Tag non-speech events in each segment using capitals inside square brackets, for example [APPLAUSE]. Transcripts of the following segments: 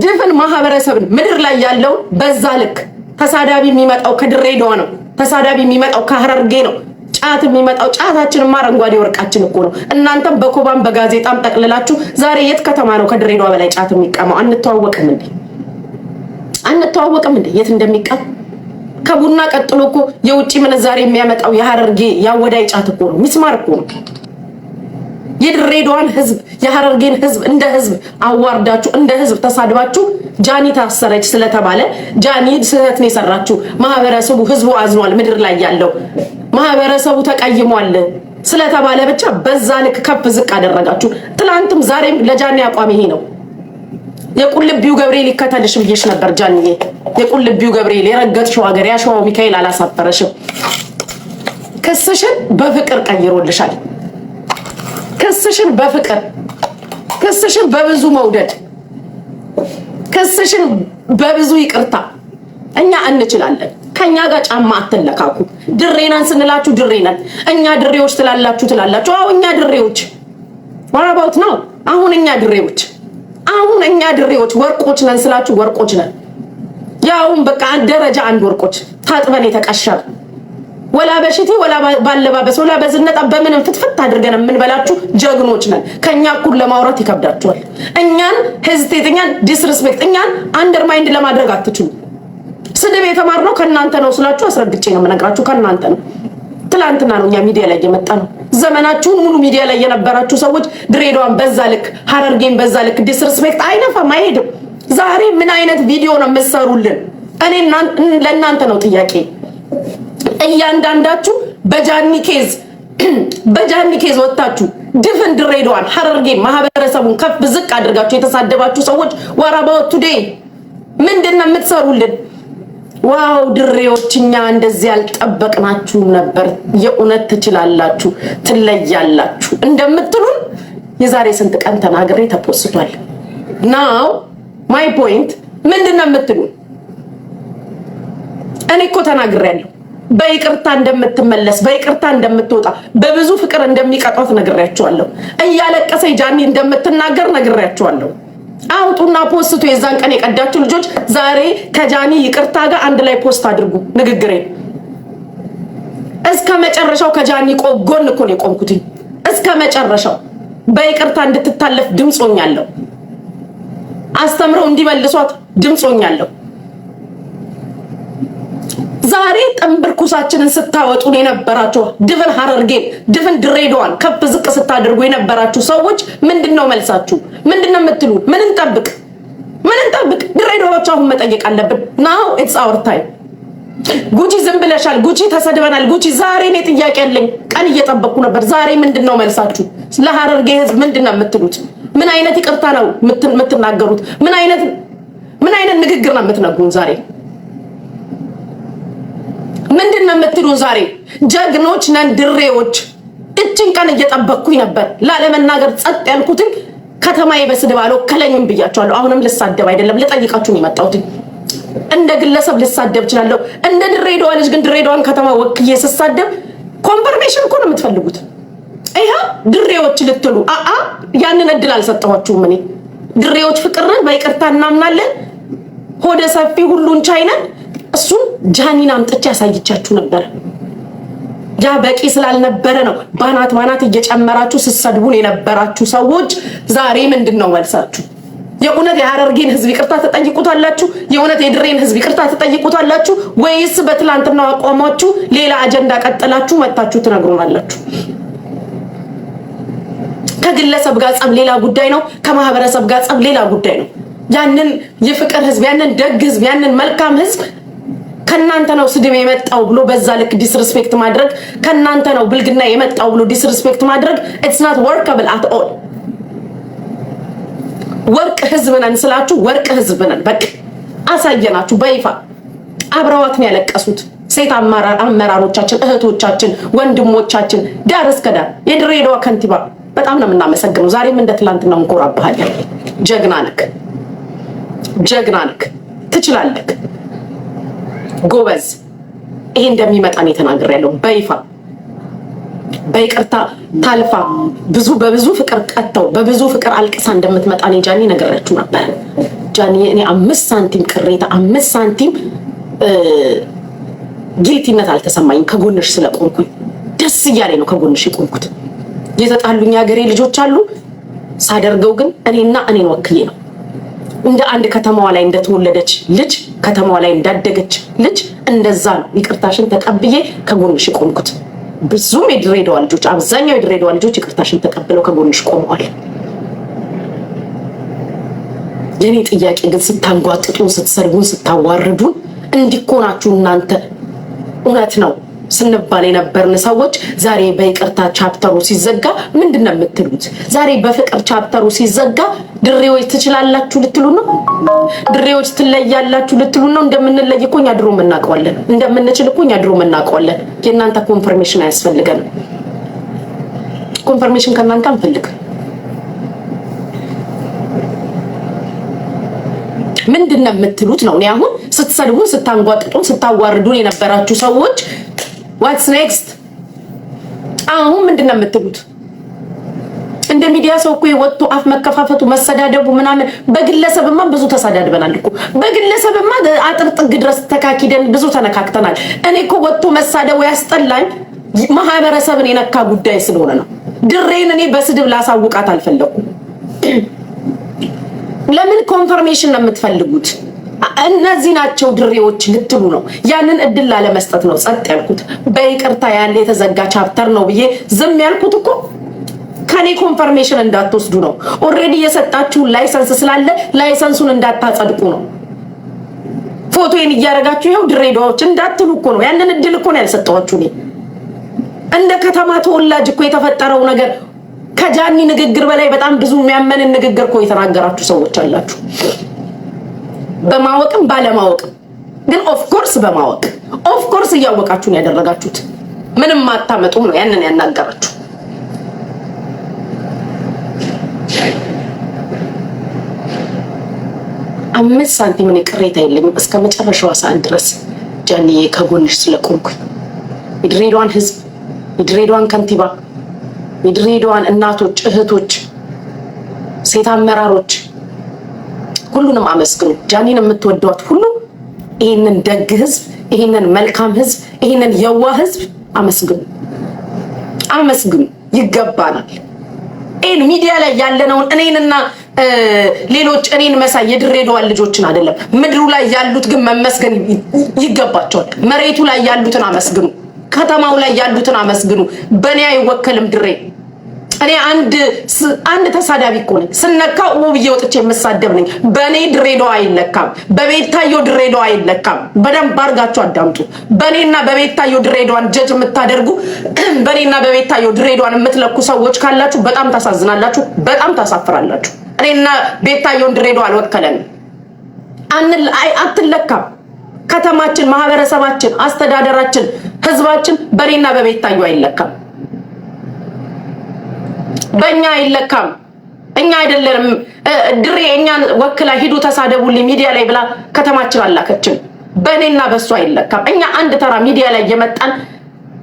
ድፍን ማህበረሰብን ምድር ላይ ያለውን በዛ ልክ ተሳዳቢ የሚመጣው ከድሬዳዋ ነው። ተሳዳቢ የሚመጣው ከሀረርጌ ነው። ጫት የሚመጣው ጫታችንማ አረንጓዴ ወርቃችን እኮ ነው። እናንተም በኮባም በጋዜጣም ጠቅልላችሁ ዛሬ የት ከተማ ነው ከድሬዳዋ በላይ ጫት የሚቀማው? አንተዋወቅም እንዴ? አንተዋወቅም እንዴ? የት እንደሚቀም ከቡና ቀጥሎ እኮ የውጭ ምንዛሬ የሚያመጣው የሀረርጌ ያወዳይ ጫት እኮ ነው። ሚስማር እኮ ነው። የድሬዳዋን ህዝብ የሀረርጌን ህዝብ እንደ ህዝብ አዋርዳችሁ እንደ ህዝብ ተሳድባችሁ ጃኒ ታሰረች ስለተባለ ጃኒ ስህተት ነው የሰራችሁ። ማህበረሰቡ ህዝቡ አዝኗል። ምድር ላይ ያለው ማህበረሰቡ ተቀይሟል ስለተባለ ብቻ በዛ ልክ ከፍ ዝቅ አደረጋችሁ። ትናንትም ዛሬም ለጃኒ አቋም ይሄ ነው። የቁልቢው ገብርኤል ይከተልሽ ብዬሽ ነበር ጃኒዬ። የቁልቢው ገብርኤል የረገጥሽው ሀገር ያሸዋው ሚካኤል አላሳፈረሽም። ክስሽን በፍቅር ቀይሮልሻል። ክስሽን በፍቅር ክስሽን በብዙ መውደድ ክስሽን በብዙ ይቅርታ እኛ እንችላለን። ከኛ ጋር ጫማ አትለካኩ። ድሬናን ስንላችሁ ድሬናን እኛ ድሬዎች ትላላችሁ ትላላችሁ። አዎ እኛ ድሬዎች ዋራባውት ነው። አሁን እኛ ድሬዎች አሁን እኛ ድሬዎች ወርቆች ነን ስላችሁ ወርቆች ነን። ያውም በቃ ደረጃ አንድ ወርቆች ታጥበን የተቀሸር ወላ በሽቴ ወላ ባለባበስ ወላ በዝነጣ በምንም ፍትፍት አድርገን የምንበላችሁ ጀግኖች ነን። ከኛ እኩል ለማውራት ይከብዳችኋል። እኛን ሄዝቴት፣ እኛን ዲስርስፔክት፣ እኛን አንደርማይንድ ለማድረግ አትችሉ። ስድብ የተማርነው ከእናንተ ነው ስላችሁ አስረግጬ ነው የምነግራችሁ። ከእናንተ ነው። ትላንትና ነው እኛ ሚዲያ ላይ የመጣ ነው። ዘመናችሁን ሙሉ ሚዲያ ላይ የነበራችሁ ሰዎች ድሬዳዋን በዛ ልክ ሀረርጌን በዛ ልክ ዲስርስፔክት አይነፋም፣ አይሄድም። ዛሬ ምን አይነት ቪዲዮ ነው የምትሰሩልን? እኔ ለእናንተ ነው ጥያቄ እያንዳንዳችሁ በጃኒ ኬዝ [CLEARS THROAT] በጃኒ ኬዝ ወጥታችሁ ድፍን ድሬዳዋን ሀረርጌ ማህበረሰቡን ከፍ ዝቅ አድርጋችሁ የተሳደባችሁ ሰዎች ወራባው ቱዴ ምንድን ነው የምትሰሩልን? ዋው ድሬዎች፣ እኛ እንደዚህ ያልጠበቅናችሁ ነበር። የእውነት ትችላላችሁ፣ ትለያላችሁ እንደምትሉን የዛሬ ስንት ቀን ተናግሬ ተፖስቷል። ናው ማይ ፖይንት ምንድን ነው የምትሉን? እኔ እኮ ተናግሬያለሁ። በይቅርታ እንደምትመለስ በይቅርታ እንደምትወጣ በብዙ ፍቅር እንደሚቀጧት ነግሬያቸዋለሁ። እያለቀሰ ጃኒ እንደምትናገር ነግሬያቸዋለሁ። አውጡና ፖስቱ። የዛን ቀን የቀዳችሁ ልጆች ዛሬ ከጃኒ ይቅርታ ጋር አንድ ላይ ፖስት አድርጉ ንግግሬ። እስከ መጨረሻው ከጃኒ ጎን እኮ ነው የቆምኩትኝ። እስከ መጨረሻው በይቅርታ እንድትታለፍ ድምፆኛለሁ። አስተምረው እንዲመልሷት ድምፆኛለሁ። ዛሬ ጥንብር ኩሳችንን ስታወጡን የነበራችሁ ድፍን ሀረርጌን ድፍን ድሬዳዋን ከፍ ዝቅ ስታደርጉ የነበራችሁ ሰዎች ምንድን ነው መልሳችሁ? ምንድን ነው የምትሉ? ምን እንጠብቅ? ምን እንጠብቅ? ድሬዳዋዎች አሁን መጠየቅ አለብን። ናው ኢትስ አወር ታይም። ጉቺ ዝም ብለሻል፣ ጉቺ ተሰድበናል፣ ጉቺ ዛሬ እኔ ጥያቄ ያለኝ ቀን እየጠበቅኩ ነበር። ዛሬ ምንድን ነው መልሳችሁ? ለሀረርጌ ህዝብ ምንድን ነው የምትሉት? ምን አይነት ይቅርታ ነው የምትናገሩት? ምን አይነት ንግግር ነው የምትነግሩን ዛሬ? ምንድን ነው የምትሉን? ዛሬ ጀግኖች ነን ድሬዎች። እችን ቀን እየጠበቅኩኝ ነበር ላለመናገር ጸጥ ያልኩትን ከተማዬ በስድብ አልወከለኝም ብያቸዋለሁ። አሁንም ልሳደብ አይደለም ልጠይቃችሁን የመጣሁት እንደ ግለሰብ ልሳደብ እችላለሁ። እንደ ድሬዳዋ ልጅ ግን ድሬዳዋን ከተማ ወክዬ ስሳደብ ኮንፈርሜሽን እኮ ነው የምትፈልጉት። ይህ ድሬዎች ልትሉ አአ ያንን እድል አልሰጠኋችሁም። እኔ ድሬዎች ፍቅርን በይቅርታ እናምናለን። ሆደ ሰፊ ሁሉን ቻይነን እሱን ጃኒን አምጥቼ ያሳይቻችሁ ነበር። ያ በቂ ስላልነበረ ነው ባናት ባናት እየጨመራችሁ ስትሰድቡን የነበራችሁ ሰዎች ዛሬ ምንድን ነው መልሳችሁ? የእውነት የሀረርጌን ህዝብ ይቅርታ ተጠይቁታላችሁ? የእውነት የድሬን ህዝብ ይቅርታ ተጠይቁታላችሁ? ወይስ በትላንትና አቋማችሁ ሌላ አጀንዳ ቀጥላችሁ መታችሁ ትነግሩናላችሁ? ከግለሰብ ጋር ጸብ ሌላ ጉዳይ ነው። ከማህበረሰብ ጋር ጸብ ሌላ ጉዳይ ነው። ያንን የፍቅር ህዝብ፣ ያንን ደግ ህዝብ፣ ያንን መልካም ህዝብ ከናንተ ነው ስድብ የመጣው ብሎ በዛ ልክ ዲስሪስፔክት ማድረግ፣ ከናንተ ነው ብልግና የመጣው ብሎ ዲስሪስፔክት ማድረግ ኢትስ ናት ወርከብል አት ኦል። ወርቅ ህዝብ ነን ስላችሁ ወርቅ ህዝብ ነን በቃ አሳየናችሁ በይፋ አብረዋት ነው ያለቀሱት። ሴት አመራሮቻችን፣ እህቶቻችን፣ ወንድሞቻችን ዳር እስከ ዳር የድሬዳዋ ከንቲባ በጣም ነው የምናመሰግነው። ዛሬም እንደ ትላንትና እንኮራብሃለን። ጀግና ነክ፣ ጀግና ነክ፣ ትችላለክ። ጎበዝ ይሄ እንደሚመጣ ነው የተናገር ያለው በይፋ በይቅርታ ታልፋ ብዙ በብዙ ፍቅር ቀጥተው በብዙ ፍቅር አልቅሳ እንደምትመጣ እኔ ጃኒ ነገራችሁ ነበር። ጃኒ እኔ አምስት ሳንቲም ቅሬታ አምስት ሳንቲም ጌቲነት አልተሰማኝም። ከጎንሽ ስለቆምኩኝ ደስ እያለኝ ነው ከጎንሽ የቆምኩት። የተጣሉኝ የሀገሬ ልጆች አሉ። ሳደርገው ግን እኔና እኔን ወክዬ ነው እንደ አንድ ከተማዋ ላይ እንደተወለደች ልጅ ከተማዋ ላይ እንዳደገች ልጅ እንደዛ ነው ይቅርታሽን ተቀብዬ ከጎንሽ ቆምኩት። ብዙም የድሬዳዋ ልጆች አብዛኛው የድሬዳዋ ልጆች ይቅርታሽን ተቀብለው ከጎንሽ ቆመዋል። የኔ ጥያቄ ግን ስታንጓጥጡን፣ ስትሰርቡን፣ ስታዋርዱን እንዲኮናችሁ እናንተ እውነት ነው ስንባል የነበርን ሰዎች ዛሬ በይቅርታ ቻፕተሩ ሲዘጋ ምንድን ነው የምትሉት? ዛሬ በፍቅር ቻፕተሩ ሲዘጋ ድሬዎች ትችላላችሁ ልትሉ ነው? ድሬዎች ትለያላችሁ ልትሉ ነው? እንደምንለይ እኮ እኛ ድሮ እናውቀዋለን። እንደምንችል እኮ እኛ ድሮ እናውቀዋለን። የእናንተ ኮንፈርሜሽን አያስፈልገንም። ኮንፈርሜሽን ከእናንተ አንፈልግ። ምንድን ነው የምትሉት ነው? እኔ አሁን ስትሰድቡን፣ ስታንጓጥጡን፣ ስታዋርዱን የነበራችሁ ሰዎች ዋትስ ኔክስት? አሁን ምንድን ነው የምትሉት? እንደ ሚዲያ ሰው እኮ የወጡ አፍ መከፋፈቱ መሰዳደቡ ምናምን በግለሰብማ ብዙ ተሰዳድበናል እኮ በግለሰብማ አጥር ጥግ ድረስ ተካኪደን ብዙ ተነካክተናል። እኔ እኮ ወጥቶ መሳደቡ ያስጠላኝ ማህበረሰብን የነካ ጉዳይ ስለሆነ ነው። ድሬን እኔ በስድብ ላሳውቃት አልፈለኩም። ለምን ኮንፈርሜሽን ነው የምትፈልጉት? እነዚህ ናቸው ድሬዎች ልትሉ ነው። ያንን እድል ላለመስጠት ነው ጸጥ ያልኩት። በይቅርታ ያለ የተዘጋ ቻፕተር ነው ብዬ ዝም ያልኩት እኮ ከኔ ኮንፈርሜሽን እንዳትወስዱ ነው። ኦልሬዲ የሰጣችሁን ላይሰንስ ስላለ ላይሰንሱን እንዳታጸድቁ ነው። ፎቶዬን እያደረጋችሁ ይኸው ድሬዳዎች እንዳትሉ እኮ ነው። ያንን እድል እኮ ነው ያልሰጠኋችሁ። እኔ እንደ ከተማ ተወላጅ እኮ የተፈጠረው ነገር ከጃኒ ንግግር በላይ በጣም ብዙ የሚያመንን ንግግር እኮ የተናገራችሁ ሰዎች አላችሁ። በማወቅም ባለማወቅም ግን ኦፍኮርስ በማወቅ ኦፍኮርስ እያወቃችሁን ያደረጋችሁት ምንም አታመጡም ነው ያንን ያናገራችሁ። አምስት ሳንቲም እኔ ቅሬታ የለኝም እስከ መጨረሻዋ ሰዓት ድረስ ጃንዬ ከጎንሽ ስለቆምኩኝ የድሬዳዋን ህዝብ፣ የድሬዳዋን ከንቲባ፣ የድሬዳዋን እናቶች፣ እህቶች፣ ሴት አመራሮች ሁሉንም አመስግኑ። ጃኒን የምትወዷት ሁሉ ይህንን ደግ ህዝብ፣ ይህንን መልካም ህዝብ፣ ይህንን የዋ ህዝብ አመስግኑ፣ አመስግኑ። ይገባናል። ይህን ሚዲያ ላይ ያለነውን እኔንና ሌሎች እኔን መሳይ የድሬዳዋን ልጆችን አይደለም። ምድሩ ላይ ያሉት ግን መመስገን ይገባቸዋል። መሬቱ ላይ ያሉትን አመስግኑ። ከተማው ላይ ያሉትን አመስግኑ። በእኔ አይወከልም ድሬ እኔ አንድ አንድ ተሳዳቢ እኮ ነኝ። ስነካ ውብዬ ወጥቼ የምሳደብ ነኝ። በእኔ ድሬዳዋ አይለካም፣ በቤታዮ ድሬዳዋ አይለካም። በደንብ አድርጋችሁ አዳምጡ። በእኔና በቤታዮ ድሬዳዋን ጀጅ የምታደርጉ [CLEARS THROAT] በእኔና በቤታዮ ድሬዳዋን የምትለኩ ሰዎች ካላችሁ በጣም ታሳዝናላችሁ፣ በጣም ታሳፍራላችሁ። እኔና ቤታዮን ድሬዳዋ አልወከለንም፣ አትለካም። ከተማችን፣ ማህበረሰባችን፣ አስተዳደራችን፣ ህዝባችን በእኔና በቤታዮ አይለካም። በእኛ አይለካም። እኛ አይደለንም ድሬ እኛን ወክላ ሂዱ ተሳደቡልኝ ሚዲያ ላይ ብላ ከተማችን አላከችን። በእኔና በእሱ አይለካም። እኛ አንድ ተራ ሚዲያ ላይ የመጣን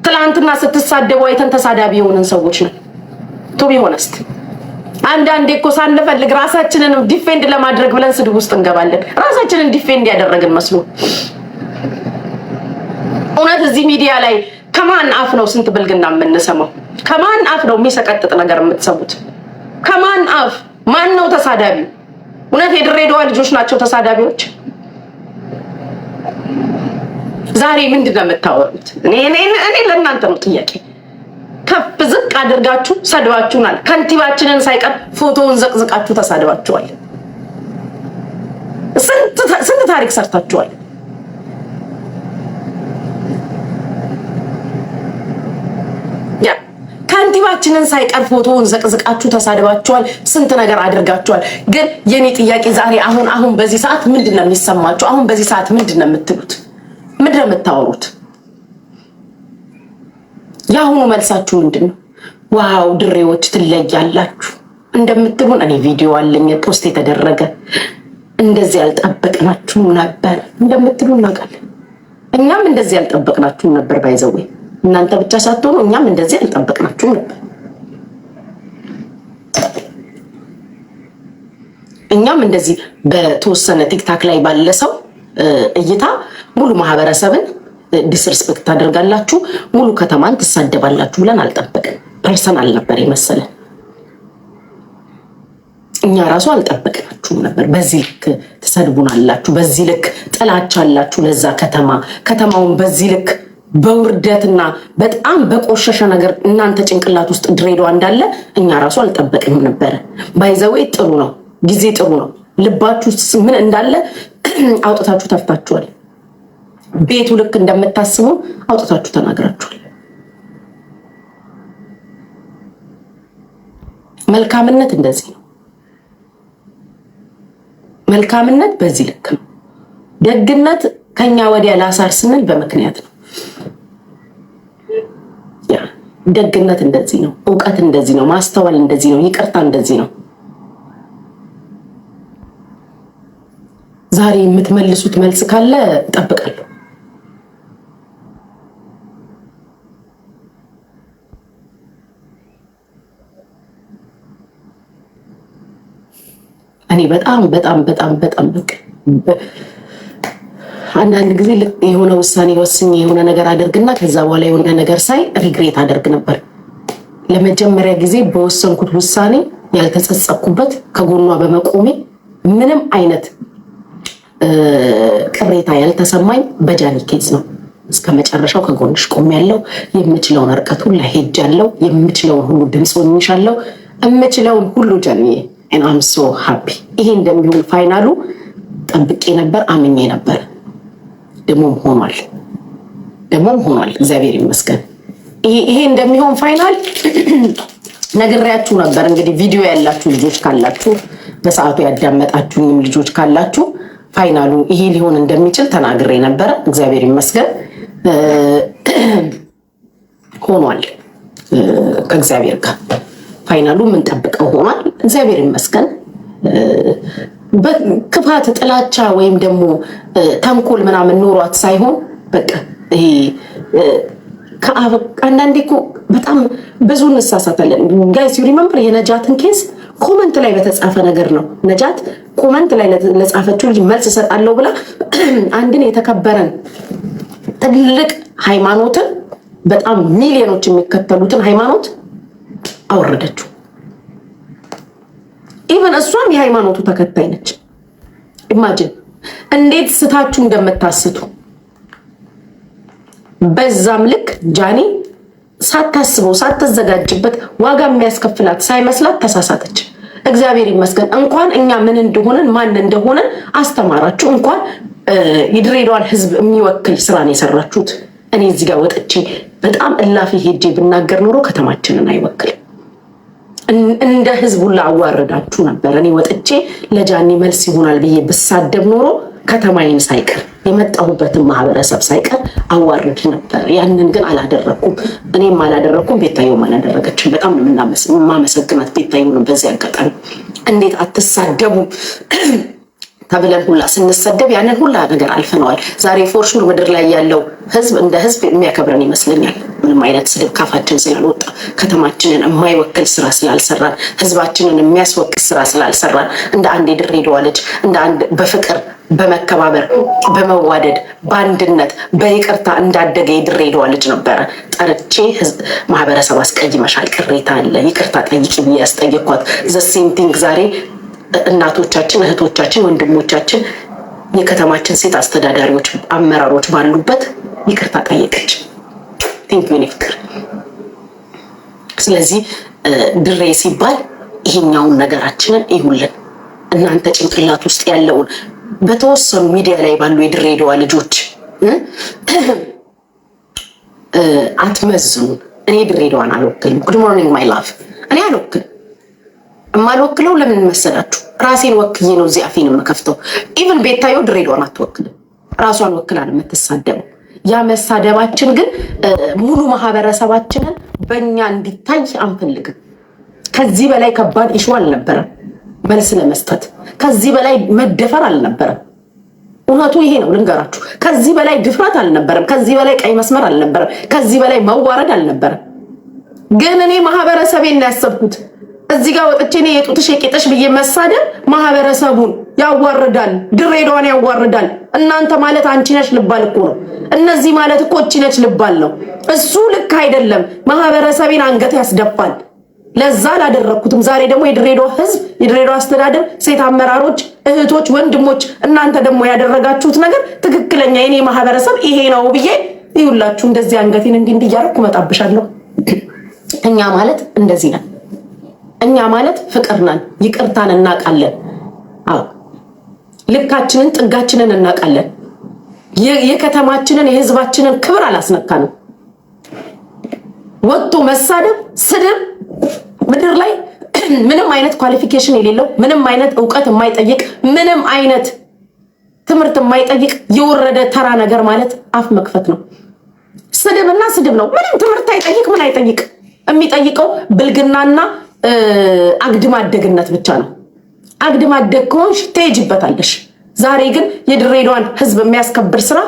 ትላንትና ስትሳደቡ አይተን ተሳዳቢ የሆንን ሰዎች ነው። ቱቢ ሆነስት አንዳንዴ እኮ ሳንፈልግ ራሳችንን ዲፌንድ ለማድረግ ብለን ስድብ ውስጥ እንገባለን። ራሳችንን ዲፌንድ ያደረግን መስሎ እውነት እዚህ ሚዲያ ላይ ከማን አፍ ነው ስንት ብልግና የምንሰማው? ከማን አፍ ነው የሚሰቀጥጥ ነገር የምትሰሙት? ከማን አፍ? ማን ነው ተሳዳቢው? እውነት የድሬዳዋ ልጆች ናቸው ተሳዳቢዎች? ዛሬ ምንድን ነው የምታወሩት? እኔ ለእናንተ ነው ጥያቄ። ከፍ ዝቅ አድርጋችሁ ሰድባችሁናል። ከንቲባችንን ሳይቀር ፎቶውን ዘቅዝቃችሁ ተሳድባችኋል። ስንት ታሪክ ሰርታችኋል። ከንቲባችንን ሳይቀር ፎቶውን ዘቅዝቃችሁ ተሳድባችኋል። ስንት ነገር አድርጋችኋል። ግን የኔ ጥያቄ ዛሬ አሁን አሁን በዚህ ሰዓት ምንድን ነው የሚሰማችሁ? አሁን በዚህ ሰዓት ምንድን ነው የምትሉት? ምንድን ነው የምታወሩት? የአሁኑ መልሳችሁ ምንድን ነው? ዋው ድሬዎች ትለያላችሁ እንደምትሉን እኔ ቪዲዮ አለኝ ፖስት የተደረገ እንደዚህ ያልጠበቅናችሁም ነበር እንደምትሉ እናውቃለን። እኛም እንደዚህ ያልጠበቅናችሁም ነበር ባይዘዌ እናንተ ብቻ ሳትሆኑ እኛም እንደዚህ አልጠበቅናችሁም ነበር። እኛም እንደዚህ በተወሰነ ቲክታክ ላይ ባለ ሰው እይታ ሙሉ ማህበረሰብን ዲስርስፔክት ታደርጋላችሁ፣ ሙሉ ከተማን ትሳደባላችሁ ብለን አልጠበቅም ፐርሰናል ነበር የመሰለን። እኛ ራሱ አልጠበቅናችሁም ነበር። በዚህ ልክ ትሰድቡናላችሁ፣ በዚህ ልክ ጥላቻ አላችሁ ለዛ ከተማ ከተማውን በዚህ ልክ በውርደትና በጣም በቆሸሸ ነገር እናንተ ጭንቅላት ውስጥ ድሬዳዋ እንዳለ እኛ ራሱ አልጠበቅንም ነበረ። ባይዘዌ ጥሩ ነው፣ ጊዜ ጥሩ ነው። ልባችሁ ምን እንዳለ [CLEARS THROAT] አውጥታችሁ ተፍታችኋል። ቤቱ ልክ እንደምታስቡ አውጥታችሁ ተናግራችኋል። መልካምነት እንደዚህ ነው። መልካምነት በዚህ ልክ ነው። ደግነት ከኛ ወዲያ ላሳር ስንል በምክንያት ነው። ደግነት እንደዚህ ነው። እውቀት እንደዚህ ነው። ማስተዋል እንደዚህ ነው። ይቅርታ እንደዚህ ነው። ዛሬ የምትመልሱት መልስ ካለ እጠብቃለሁ። እኔ በጣም በጣም በጣም በጣም በቃ አንዳንድ ጊዜ የሆነ ውሳኔ ወስኜ የሆነ ነገር አደርግና ከዛ በኋላ የሆነ ነገር ሳይ ሪግሬት አደርግ ነበር። ለመጀመሪያ ጊዜ በወሰንኩት ውሳኔ ያልተጸጸኩበት ከጎኗ በመቆሜ ምንም አይነት ቅሬታ ያልተሰማኝ በጃኒ ኬዝ ነው። እስከ መጨረሻው ከጎንሽ ያለው የምችለውን ርቀት ሁላ ያለው የምችለውን ሁሉ ድምፅ ሆኝሻለሁ። የምችለውን ሁሉ ጃኒዬ አም ሶ ሃፒ። ይሄ እንደሚሆን ፋይናሉ ጠብቄ ነበር፣ አምኜ ነበር። ደግሞም ሆኗል፣ ደግሞም ሆኗል። እግዚአብሔር ይመስገን። ይሄ እንደሚሆን ፋይናል ነግሬያችሁ ነበር። እንግዲህ ቪዲዮ ያላችሁ ልጆች ካላችሁ፣ በሰዓቱ ያዳመጣችሁኝም ልጆች ካላችሁ ፋይናሉ ይሄ ሊሆን እንደሚችል ተናግሬ ነበረ። እግዚአብሔር ይመስገን ሆኗል። ከእግዚአብሔር ጋር ፋይናሉ የምንጠብቀው ሆኗል። እግዚአብሔር ይመስገን። ክፋት፣ ጥላቻ ወይም ደግሞ ተንኮል ምናምን ኖሯት ሳይሆን በቃ ይሄ አንዳንዴ እኮ በጣም ብዙ እንሳሳታለን ጋይስ። ዩ ሪመምበር የነጃትን ኬስ ኮመንት ላይ በተጻፈ ነገር ነው። ነጃት ኮመንት ላይ ለጻፈችው ልጅ መልስ እሰጣለሁ ብላ [CLEARS THROAT] አንድን የተከበረን ትልቅ ሃይማኖትን በጣም ሚሊዮኖች የሚከተሉትን ሃይማኖት አወረደችው። ኢቨን እሷም የሃይማኖቱ ተከታይ ነች። ኢማጅን እንዴት ስታችሁ እንደምታስቱ በዛም ልክ ጃኒ ሳታስበው ሳትዘጋጅበት ዋጋ የሚያስከፍላት ሳይመስላት ተሳሳተች። እግዚአብሔር ይመስገን እንኳን እኛ ምን እንደሆነን ማን እንደሆነን አስተማራችሁ። እንኳን የድሬዳዋን ሕዝብ የሚወክል ስራ ነው የሰራችሁት። እኔ እዚህ ጋር ወጥቼ በጣም እላፊ ሄጄ ብናገር ኖሮ ከተማችንን አይወክልም። እንደ ህዝብ ሁላ አዋረዳችሁ ነበር። እኔ ወጥቼ ለጃኒ መልስ ይሆናል ብዬ ብሳደብ ኖሮ ከተማይን ሳይቀር የመጣሁበትን ማህበረሰብ ሳይቀር አዋርድ ነበር። ያንን ግን አላደረግኩም፣ እኔም አላደረግኩም፣ ቤታየውም አላደረገችም። በጣም የማመሰግናት ነው። በዚህ አጋጣሚ እንዴት አትሳደቡም ተብለን ሁላ ስንሰደብ ያንን ሁላ ነገር አልፈነዋል። ዛሬ ፎርሹር ምድር ላይ ያለው ህዝብ እንደ ህዝብ የሚያከብረን ይመስለኛል። ምንም አይነት ስድብ ካፋችን ስላልወጣ ከተማችንን የማይወክል ስራ ስላልሰራን ህዝባችንን የሚያስወክል ስራ ስላልሰራን እንደ አንድ የድሬዳዋ ልጅ እንደ አንድ በፍቅር በመከባበር በመዋደድ በአንድነት በይቅርታ እንዳደገ የድሬዳዋ ልጅ ነበረ። ጠርቼ ማህበረሰብ አስቀይመሻል፣ ቅሬታ አለ፣ ይቅርታ ጠይቂ ብዬ ያስጠየኳት ዘሴንቲንግ ዛሬ እናቶቻችን፣ እህቶቻችን፣ ወንድሞቻችን የከተማችን ሴት አስተዳዳሪዎች፣ አመራሮች ባሉበት ይቅርታ ጠየቀች። ቴንክ ዩ ፍቅር። ስለዚህ ድሬ ሲባል ይሄኛውን ነገራችንን ይሁልን። እናንተ ጭንቅላት ውስጥ ያለውን በተወሰኑ ሚዲያ ላይ ባሉ የድሬዳዋ ልጆች አትመዝኑን። እኔ ድሬዳዋን አልወክልም። ጉድ ሞርኒንግ ማይ ላቭ። እኔ አልወክል የማልወክለው ለምን መሰላችሁ? ራሴን ወክዬ ነው እዚህ አፌን የምከፍተው። ኢቨን ቤታየው ድሬዳዋን አትወክልም። ራሷን ወክላል የምትሳደበው ያ መሳደባችን ግን ሙሉ ማህበረሰባችንን በእኛ እንዲታይ አንፈልግም። ከዚህ በላይ ከባድ ኢሹ አልነበረም መልስ ለመስጠት። ከዚህ በላይ መደፈር አልነበረም። እውነቱ ይሄ ነው፣ ልንገራችሁ። ከዚህ በላይ ድፍረት አልነበረም። ከዚህ በላይ ቀይ መስመር አልነበረም። ከዚህ በላይ መዋረድ አልነበረም። ግን እኔ ማህበረሰቤን ነው ያሰብኩት። እዚህ ጋር ወጥቼ እኔ የጡትሽ የቄጠሽ ብዬ መሳደብ ማህበረሰቡን ያዋርዳል፣ ድሬዳዋን ያዋርዳል። እናንተ ማለት አንቺ ነሽ ልባል እኮ ነው። እነዚህ ማለት እኮ እቺ ነች ልባል ነው። እሱ ልክ አይደለም። ማህበረሰቤን አንገት ያስደፋል። ለዛ አላደረግኩትም። ዛሬ ደግሞ የድሬዳዋ ህዝብ፣ የድሬዳዋ አስተዳደር፣ ሴት አመራሮች፣ እህቶች፣ ወንድሞች እናንተ ደግሞ ያደረጋችሁት ነገር ትክክለኛ የኔ ማህበረሰብ ይሄ ነው ብዬ ይሁላችሁ እንደዚህ አንገቴን እንዲህ እንዲህ እያደረኩ እመጣብሻለሁ። እኛ ማለት እንደዚህ ነን። እኛ ማለት ፍቅር ነን። ይቅርታን እናውቃለን። አዎ ልካችንን ጥጋችንን እናውቃለን። የከተማችንን የህዝባችንን ክብር አላስነካንም። ወጥቶ መሳደብ ስድብ ምድር ላይ [CLEARS THROAT] ምንም አይነት ኳሊፊኬሽን የሌለው ምንም አይነት እውቀት የማይጠይቅ ምንም አይነት ትምህርት የማይጠይቅ የወረደ ተራ ነገር ማለት አፍ መክፈት ነው። እና ስድብ ነው። ምንም ትምህርት አይጠይቅ፣ ምን አይጠይቅ። የሚጠይቀው ብልግናና አግድ አደግነት ብቻ ነው። አግድማደግ አደግ ከሆንሽ ትሄጂበታለሽ። ዛሬ ግን የድሬዳዋን ህዝብ የሚያስከብር ስራ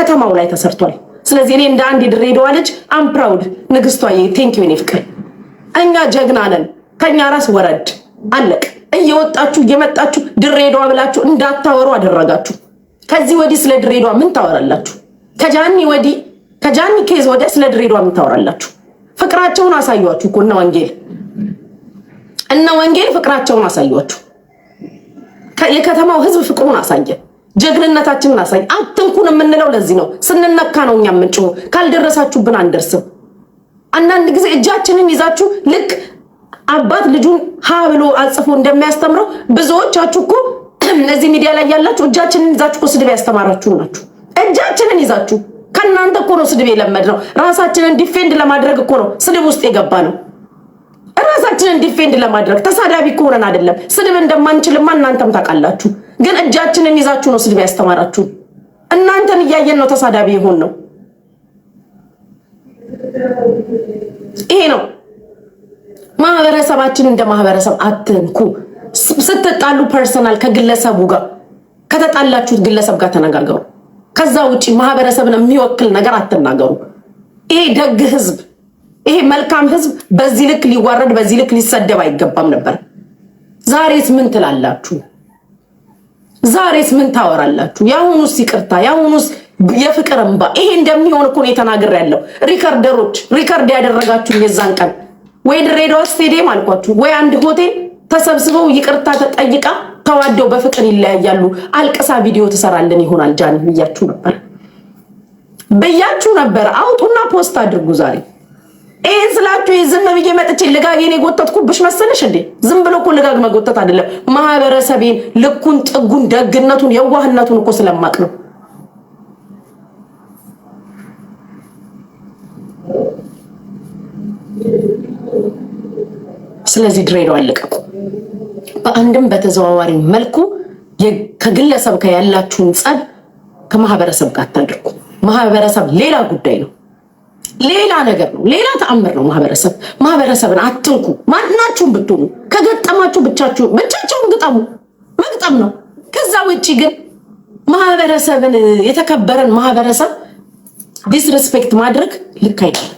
ከተማው ላይ ተሰርቷል። ስለዚህ እኔ እንደ አንድ የድሬዳዋ ልጅ አምፕራውድ ንግስቷ ቴንኪዩ ኔ ፍቅር እኛ ጀግና ነን። ከኛ ራስ ወረድ አለቅ እየወጣችሁ እየመጣችሁ ድሬዳዋ ብላችሁ እንዳታወሩ አደረጋችሁ። ከዚህ ወዲህ ስለ ድሬዳዋ ምን ታወራላችሁ? ከጃኒ ወዲህ ከጃኒ ኬዝ ወዲያ ስለ ድሬዳዋ ምን ታወራላችሁ? ፍቅራቸውን አሳዩአችሁ እኮ እነ ወንጌል እነ ወንጌል ፍቅራቸውን አሳያችሁ። የከተማው ህዝብ ፍቅሩን አሳየ። ጀግንነታችንን አሳይ። አትንኩን የምንለው ለዚህ ነው። ስንነካ ነው እኛ የምንጭሆ። ካልደረሳችሁብን አንደርስም። አንዳንድ ጊዜ እጃችንን ይዛችሁ ልክ አባት ልጁን ሀ ብሎ አጽፎ እንደሚያስተምረው ብዙዎቻችሁ እኮ [CLEARS THROAT] እዚህ ሚዲያ ላይ ያላችሁ እጃችንን ይዛችሁ ስድብ ያስተማራችሁ ናችሁ። እጃችንን ይዛችሁ ከእናንተ እኮ ነው ስድብ የለመድ ነው። ራሳችንን ዲፌንድ ለማድረግ እኮ ነው ስድብ ውስጥ የገባ ነው። እራሳችንን ዲፌንድ ለማድረግ ተሳዳቢ ከሆነን አይደለም። ስድብ እንደማንችልማ እናንተም ታውቃላችሁ። ግን እጃችንን ይዛችሁ ነው ስድብ ያስተማራችሁ። እናንተን እያየን ነው ተሳዳቢ የሆን ነው። ይሄ ነው ማህበረሰባችን። እንደ ማህበረሰብ አትንኩ። ስትጣሉ ፐርሰናል ከግለሰቡ ጋር ከተጣላችሁት ግለሰብ ጋር ተነጋገሩ። ከዛ ውጪ ማህበረሰብን የሚወክል ነገር አትናገሩ። ይሄ ደግ ህዝብ ይሄ መልካም ህዝብ በዚህ ልክ ሊዋረድ በዚህ ልክ ሊሰደብ አይገባም ነበር። ዛሬስ ምን ትላላችሁ? ዛሬስ ምን ታወራላችሁ? የአሁኑስ ይቅርታ፣ የአሁኑስ የፍቅር እንባ። ይሄ እንደሚሆን እኮ ነው የተናገር ያለው። ሪከርደሮች ሪከርድ ያደረጋችሁ የዛን ቀን ወይ ድሬዳዋ ስቴዲየም አልኳችሁ ወይ አንድ ሆቴል ተሰብስበው ይቅርታ ተጠይቃ ተዋደው በፍቅር ይለያያሉ። አልቅሳ ቪዲዮ ትሰራለን ይሆናል ጃኒ ብያችሁ ነበር ብያችሁ ነበር። አውጡና ፖስት አድርጉ ዛሬ ይህን ስላችሁ ዝም ብዬ መጥቼ ልጋጌን የጎተትኩብሽ መሰለሽ እንዴ? ዝም ብሎ እኮ ልጋግ መጎተት አይደለም። ማህበረሰቤን ልኩን፣ ጥጉን፣ ደግነቱን፣ የዋህነቱን እኮ ስለማቅ ነው። ስለዚህ ድሬዳዋ አለቀቁ። በአንድም በተዘዋዋሪ መልኩ ከግለሰብ ጋር ያላችሁን ጸብ ከማህበረሰብ ጋር አታድርጉ። ማህበረሰብ ሌላ ጉዳይ ነው። ሌላ ነገር ነው። ሌላ ተአምር ነው። ማህበረሰብ ማህበረሰብን አትንኩ። ማናችሁም ብትሆኑ ከገጠማችሁ ብቻችሁ ብቻቸውን ግጠሙ፣ መግጠም ነው። ከዛ ውጭ ግን ማህበረሰብን የተከበረን ማህበረሰብ ዲስሬስፔክት ማድረግ ልክ አይደለም።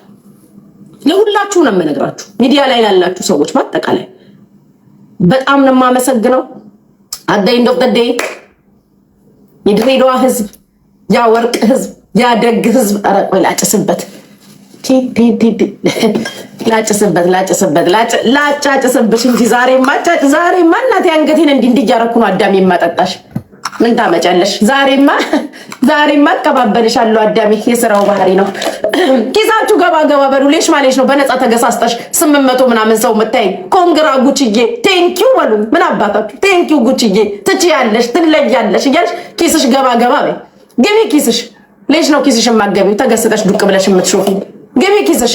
ለሁላችሁ ነው የምነግራችሁ፣ ሚዲያ ላይ ላላችሁ ሰዎች በአጠቃላይ በጣም ነው የማመሰግነው። አደይ ዶክተር የድሬዳዋ ህዝብ፣ ያ ወርቅ ህዝብ፣ ያ ደግ ህዝብ ረቆላጭስበት ላጭስበት ላጭስበት ላጫጭስብሽ እንጂ ዛሬ ማጫጭ ዛሬማ እናቴ አንገቴን እንዲህ እንዲህ እያደረኩ ነው። አዳሜ ማጠጣሽ ምን ታመጫለሽ? ዛሬማ ዛሬማ አቀባበልሻለሁ። አዳሜ የስራው ባህሪ ነው። ኪሳችሁ ገባ ገባ በሉ። ሌሽ ማለሽ ነው። በነፃ ተገሳስጠሽ ስምንት መቶ ምናምን ሰው የምታይ ኮንግራ ጉችዬ ቴንኪው በሉ። ምን አባታችሁ ቴንኪው ጉችዬ። ትችያለሽ፣ ትለያለሽ እያልሽ ኪስሽ ገባ ገባ በይ። ግቢ ኪስሽ። ሌሽ ነው ኪስሽ የማገቢው ተገስጠሽ ዱቅ ብለሽ የምትሾፊው ግቢ ኪስሽ።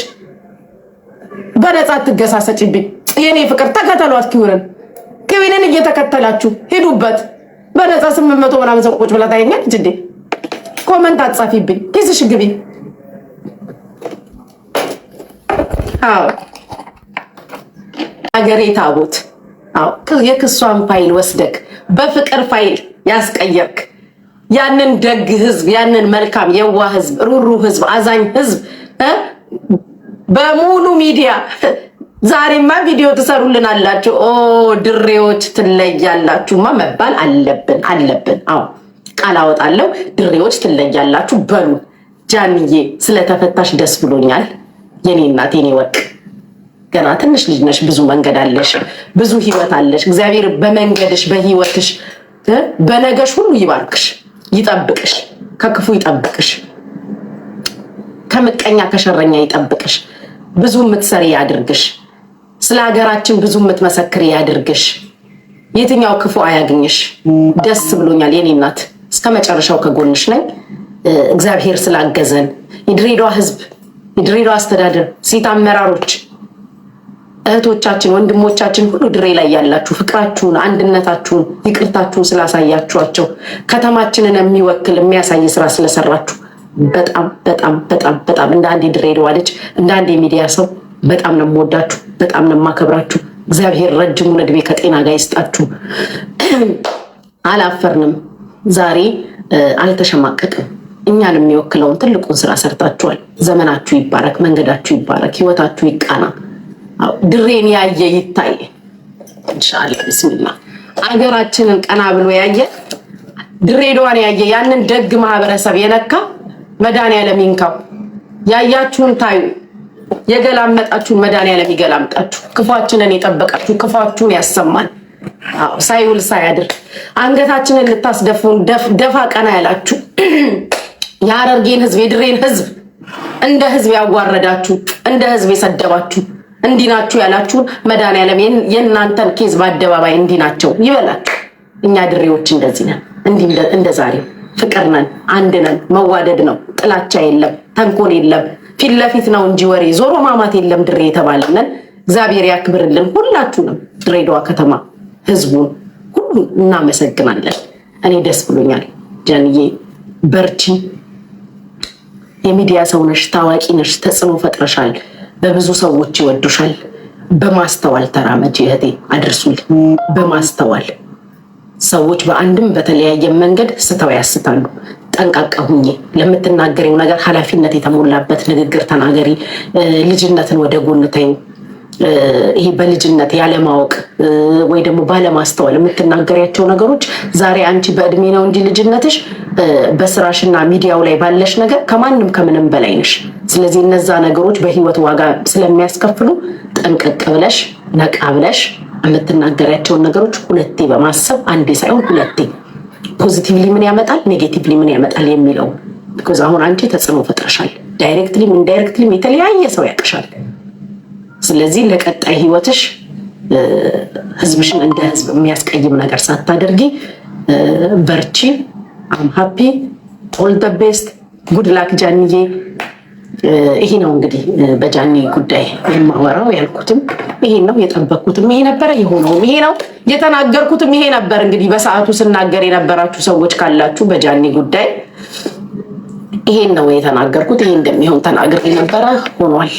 በነፃ ትገሳሰጭብኝ የኔ ፍቅር ተከተሏት። ኪውርን ኪዊንን እየተከተላችሁ ሄዱበት በነፃ ስምንት መቶ ምናምን ሰው ቁጭ ብላ ታየኛለች እንዴ? ኮመንት አትጻፊብኝ። ኪስሽ ግቢ። አዎ ሀገሬ ታቦት የክሷን ፋይል ወስደክ በፍቅር ፋይል ያስቀየርክ ያንን ደግ ህዝብ፣ ያንን መልካም የዋ ህዝብ፣ ሩሩ ህዝብ፣ አዛኝ ህዝብ በሙሉ ሚዲያ ዛሬማ ቪዲዮ ትሰሩልናላችሁ። ኦ ድሬዎች ትለያላችሁማ መባል አለብን አለብን። አዎ ቃል አወጣለሁ። ድሬዎች ትለያላችሁ በሉ። ጃንዬ ስለተፈታሽ ደስ ብሎኛል። የኔ እናት የኔ ወርቅ ገና ትንሽ ልጅ ነሽ። ብዙ መንገድ አለሽ፣ ብዙ ህይወት አለሽ። እግዚአብሔር በመንገድሽ በህይወትሽ በነገሽ ሁሉ ይባርክሽ፣ ይጠብቅሽ፣ ከክፉ ይጠብቅሽ። ከምቀኛ ከሸረኛ ይጠብቅሽ። ብዙ የምትሰሪ ያድርግሽ። ስለ ሀገራችን ብዙ የምትመሰክር ያድርግሽ። የትኛው ክፉ አያግኝሽ። ደስ ብሎኛል የኔ እናት። እስከ መጨረሻው ከጎንሽ ነኝ። እግዚአብሔር ስላገዘን የድሬዳዋ ህዝብ የድሬዳዋ አስተዳደር ሴት አመራሮች እህቶቻችን ወንድሞቻችን ሁሉ ድሬ ላይ ያላችሁ ፍቅራችሁን፣ አንድነታችሁን፣ ይቅርታችሁን ስላሳያችኋቸው ከተማችንን የሚወክል የሚያሳይ ስራ ስለሰራችሁ በጣም በጣም በጣም በጣም እንደ አንድ ድሬዳዋ ልጅ እንደ አንድ የሚዲያ ሰው በጣም ነው የምወዳችሁ፣ በጣም ነው የማከብራችሁ። እግዚአብሔር ረጅሙን እድሜ ከጤና ጋር ይስጣችሁ። አላፈርንም። ዛሬ አልተሸማቀቅም። እኛን የሚወክለውን ትልቁን ስራ ሰርታችኋል። ዘመናችሁ ይባረክ፣ መንገዳችሁ ይባረክ፣ ህይወታችሁ ይቃና፣ ድሬን ያየ ይታይ። እንሻላ ብስሚላ አገራችንን ቀና ብሎ ያየ ድሬዳዋን ያየ ያንን ደግ ማህበረሰብ የነካ መድኃኒዓለም ይንካው። ያያችሁን ታዩ፣ የገላመጣችሁን መድኃኒዓለም ይገላምጣችሁ። ክፏችንን የጠበቃችሁ ክፏችሁን ያሰማል። ሳይውል ሳያድር አንገታችንን ልታስደፉን ደፋ ቀና ያላችሁ [CLEARS THROAT] የሀረርጌን ህዝብ የድሬን ህዝብ እንደ ህዝብ ያዋረዳችሁ እንደ ህዝብ የሰደባችሁ እንዲናችሁ ያላችሁን መድኃኒዓለም የእናንተን ኬዝ በአደባባይ እንዲናቸው ይበላችሁ። እኛ ድሬዎች እንደዚህ ነን፣ እንደ ዛሬው ፍቅር ነን፣ አንድ ነን። መዋደድ ነው። ጥላቻ የለም፣ ተንኮል የለም። ፊት ለፊት ነው እንጂ ወሬ ዞሮ ማማት የለም። ድሬ የተባለነን እግዚአብሔር ያክብርልን። ሁላችሁንም ድሬዳዋ ከተማ ህዝቡን ሁሉ እናመሰግናለን። እኔ ደስ ብሎኛል። ጃንዬ በርቺ፣ የሚዲያ ሰው ነሽ፣ ታዋቂ ነሽ፣ ተጽዕኖ ፈጥረሻል። በብዙ ሰዎች ይወዱሻል። በማስተዋል ተራመጅ እህቴ፣ አድርሱል በማስተዋል ሰዎች በአንድም በተለያየ መንገድ ስተው ያስታሉ። ጠንቃቃ ሁኚ። ለምትናገሪው ነገር ኃላፊነት የተሞላበት ንግግር ተናገሪ። ልጅነትን ወደ ጎን ተይው። ይህ በልጅነት ያለማወቅ ወይ ደግሞ ባለማስተዋል የምትናገሪያቸው ነገሮች ዛሬ አንቺ በእድሜ ነው እንጂ ልጅነትሽ በስራሽና ሚዲያው ላይ ባለሽ ነገር ከማንም ከምንም በላይ ነሽ። ስለዚህ እነዛ ነገሮች በህይወት ዋጋ ስለሚያስከፍሉ ጠንቀቅ ብለሽ ነቃ ብለሽ የምትናገሪያቸውን ነገሮች ሁለቴ በማሰብ አንዴ ሳይሆን ሁለቴ ፖዚቲቭሊ ምን ያመጣል፣ ኔጌቲቭሊ ምን ያመጣል የሚለው ቢኮዝ አሁን አንቺ ተጽዕኖ ፈጥረሻል። ዳይሬክትሊም ኢንዳይሬክትሊም የተለያየ ሰው ያቅሻል። ስለዚህ ለቀጣይ ህይወትሽ ህዝብሽን እንደ ህዝብ የሚያስቀይም ነገር ሳታደርጊ በርቺ። አም ሃፒ ኦል ደ ቤስት ጉድ ላክ ጃንዬ። ይሄ ነው እንግዲህ በጃኒ ጉዳይ የማወራው። ያልኩትም ይሄ ነው፣ የጠበኩትም ይሄ ነበረ፣ የሆነውም ይሄ ነው፣ የተናገርኩትም ይሄ ነበር። እንግዲህ በሰዓቱ ስናገር የነበራችሁ ሰዎች ካላችሁ በጃኒ ጉዳይ ይሄን ነው የተናገርኩት። ይሄ እንደሚሆን ተናግር የነበረ ሆኗል።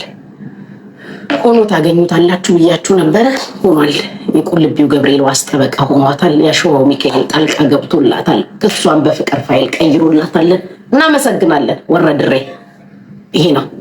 ሆኖ ታገኙታላችሁ ብያችሁ ነበረ፣ ሆኗል። የቁልቢው ገብርኤል ዋስጠበቃ ሆኗታል። ያሸዋው ሚካኤል ጣልቃ ገብቶላታል። ከሷን በፍቅር ፋይል ቀይሮላታለን። እናመሰግናለን ወረድሬ Iina.